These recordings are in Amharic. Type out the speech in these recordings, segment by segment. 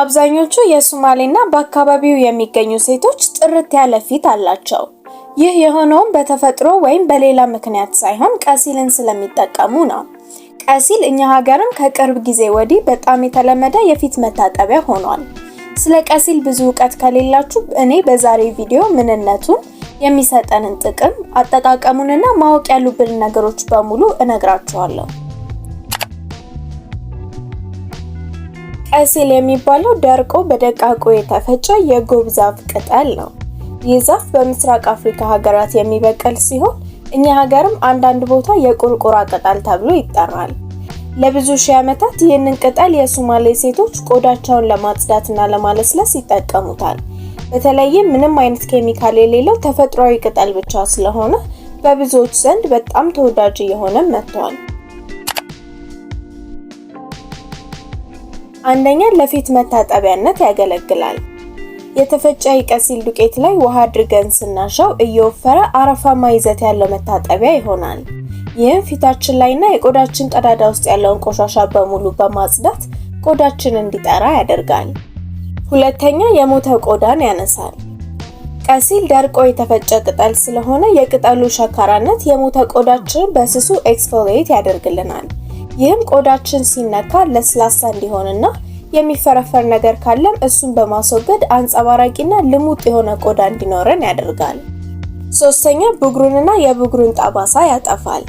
አብዛኞቹ የሱማሌና በአካባቢው የሚገኙ ሴቶች ጥርት ያለ ፊት አላቸው። ይህ የሆነውም በተፈጥሮ ወይም በሌላ ምክንያት ሳይሆን ቀሲልን ስለሚጠቀሙ ነው። ቀሲል እኛ ሀገርም ከቅርብ ጊዜ ወዲህ በጣም የተለመደ የፊት መታጠቢያ ሆኗል። ስለ ቀሲል ብዙ እውቀት ከሌላችሁ እኔ በዛሬ ቪዲዮ ምንነቱን፣ የሚሰጠንን ጥቅም፣ አጠቃቀሙንና ማወቅ ያሉብን ነገሮች በሙሉ እነግራችኋለሁ። ቀሲል የሚባለው ደርቆ በደቃቆ የተፈጨ የጉብ ዛፍ ቅጠል ነው። ይህ ዛፍ በምስራቅ አፍሪካ ሀገራት የሚበቅል ሲሆን እኛ ሀገርም አንዳንድ ቦታ የቁርቁራ ቅጠል ተብሎ ይጠራል። ለብዙ ሺህ ዓመታት ይህንን ቅጠል የሱማሌ ሴቶች ቆዳቸውን ለማጽዳትና ለማለስለስ ይጠቀሙታል። በተለይም ምንም አይነት ኬሚካል የሌለው ተፈጥሯዊ ቅጠል ብቻ ስለሆነ በብዙዎች ዘንድ በጣም ተወዳጅ እየሆነ መጥቷል። አንደኛ ለፊት መታጠቢያነት ያገለግላል። የተፈጨ የቀሲል ዱቄት ላይ ውሃ አድርገን ስናሻው እየወፈረ አረፋማ ይዘት ያለው መታጠቢያ ይሆናል። ይህም ፊታችን ላይና የቆዳችን ቀዳዳ ውስጥ ያለውን ቆሻሻ በሙሉ በማጽዳት ቆዳችን እንዲጠራ ያደርጋል። ሁለተኛ የሞተ ቆዳን ያነሳል። ቀሲል ደርቆ የተፈጨ ቅጠል ስለሆነ የቅጠሉ ሸካራነት የሞተ ቆዳችንን በስሱ ኤክስፎሊየት ያደርግልናል። ይህም ቆዳችን ሲነካ ለስላሳ እንዲሆንና የሚፈረፈር ነገር ካለም እሱን በማስወገድ አንጸባራቂና ልሙጥ የሆነ ቆዳ እንዲኖረን ያደርጋል። ሶስተኛ ብጉሩንና የብጉሩን ጠባሳ ያጠፋል።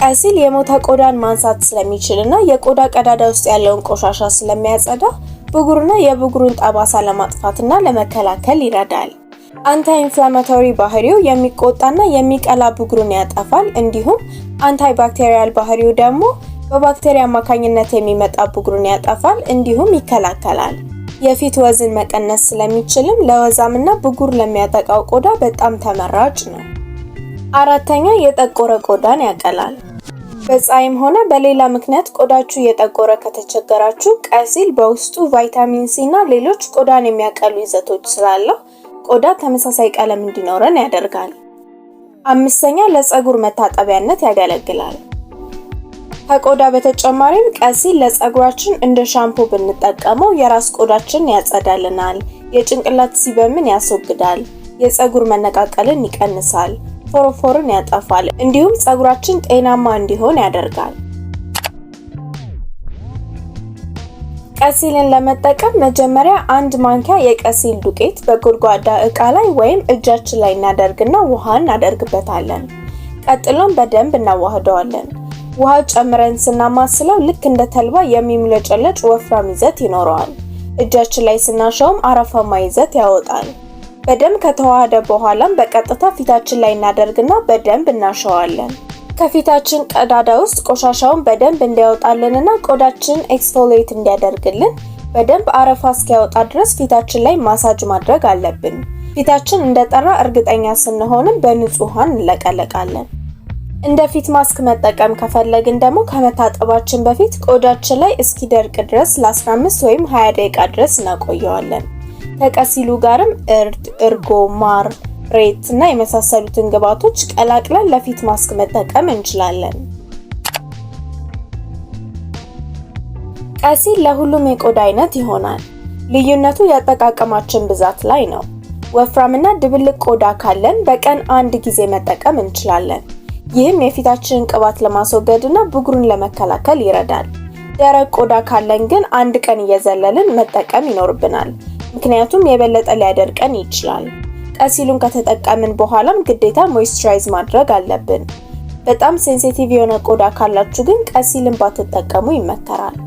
ቀሲል የሞተ ቆዳን ማንሳት ስለሚችልና የቆዳ ቀዳዳ ውስጥ ያለውን ቆሻሻ ስለሚያጸዳ ብጉርና የብጉሩን ጠባሳ ለማጥፋትና ለመከላከል ይረዳል። አንታይ ኢንፍላማቶሪ ባህሪው የሚቆጣና የሚቀላ ብጉሩን ያጠፋል። እንዲሁም አንታይ ባክቴሪያል ባህሪው ደግሞ በባክቴሪያ አማካኝነት የሚመጣ ብጉሩን ያጠፋል እንዲሁም ይከላከላል። የፊት ወዝን መቀነስ ስለሚችልም ለወዛምና ብጉር ለሚያጠቃው ቆዳ በጣም ተመራጭ ነው። አራተኛ የጠቆረ ቆዳን ያቀላል። በፀሐይም ሆነ በሌላ ምክንያት ቆዳችሁ የጠቆረ ከተቸገራችሁ ቀሲል በውስጡ ቫይታሚን ሲ እና ሌሎች ቆዳን የሚያቀሉ ይዘቶች ስላለው ቆዳ ተመሳሳይ ቀለም እንዲኖረን ያደርጋል። አምስተኛ ለፀጉር መታጠቢያነት ያገለግላል። ከቆዳ በተጨማሪም ቀሲል ለፀጉራችን እንደ ሻምፖ ብንጠቀመው የራስ ቆዳችን ያጸዳልናል፣ የጭንቅላት ሲበምን ያስወግዳል፣ የፀጉር መነቃቀልን ይቀንሳል፣ ፎሮፎርን ያጠፋል፣ እንዲሁም ፀጉራችን ጤናማ እንዲሆን ያደርጋል። ቀሲልን ለመጠቀም መጀመሪያ አንድ ማንኪያ የቀሲል ዱቄት በጎድጓዳ እቃ ላይ ወይም እጃችን ላይ እናደርግና ውሃ እናደርግበታለን። ቀጥሎም በደንብ እናዋህደዋለን። ውሃ ጨምረን ስናማስለው ልክ እንደ ተልባ የሚምለጨለጭ ወፍራም ይዘት ይኖረዋል። እጃችን ላይ ስናሸውም አረፋማ ይዘት ያወጣል። በደንብ ከተዋሃደ በኋላም በቀጥታ ፊታችን ላይ እናደርግና በደንብ እናሸዋለን። ከፊታችን ቀዳዳ ውስጥ ቆሻሻውን በደንብ እንዲያወጣልንና ቆዳችንን ኤክስፎሊየት እንዲያደርግልን በደንብ አረፋ እስኪያወጣ ድረስ ፊታችን ላይ ማሳጅ ማድረግ አለብን። ፊታችን እንደጠራ እርግጠኛ ስንሆንም በንጹህ ውሃ እንለቀለቃለን። እንደ ፊት ማስክ መጠቀም ከፈለግን ደግሞ ከመታጠባችን በፊት ቆዳችን ላይ እስኪደርቅ ድረስ ለ15 ወይም 20 ደቂቃ ድረስ እናቆየዋለን። ከቀሲሉ ጋርም እርድ፣ እርጎ፣ ማር ሬት እና የመሳሰሉትን ግብዓቶች ቀላቅለን ለፊት ማስክ መጠቀም እንችላለን። ቀሲል ለሁሉም የቆዳ አይነት ይሆናል። ልዩነቱ የአጠቃቀማችን ብዛት ላይ ነው። ወፍራምና ድብልቅ ቆዳ ካለን በቀን አንድ ጊዜ መጠቀም እንችላለን። ይህም የፊታችንን ቅባት ለማስወገድ እና ብጉሩን ለመከላከል ይረዳል። ደረቅ ቆዳ ካለን ግን አንድ ቀን እየዘለልን መጠቀም ይኖርብናል፣ ምክንያቱም የበለጠ ሊያደርቀን ይችላል። ቀሲሉን ከተጠቀምን በኋላም ግዴታ ሞይስቸራይዝ ማድረግ አለብን። በጣም ሴንሲቲቭ የሆነ ቆዳ ካላችሁ ግን ቀሲልን ባትጠቀሙ ይመከራል።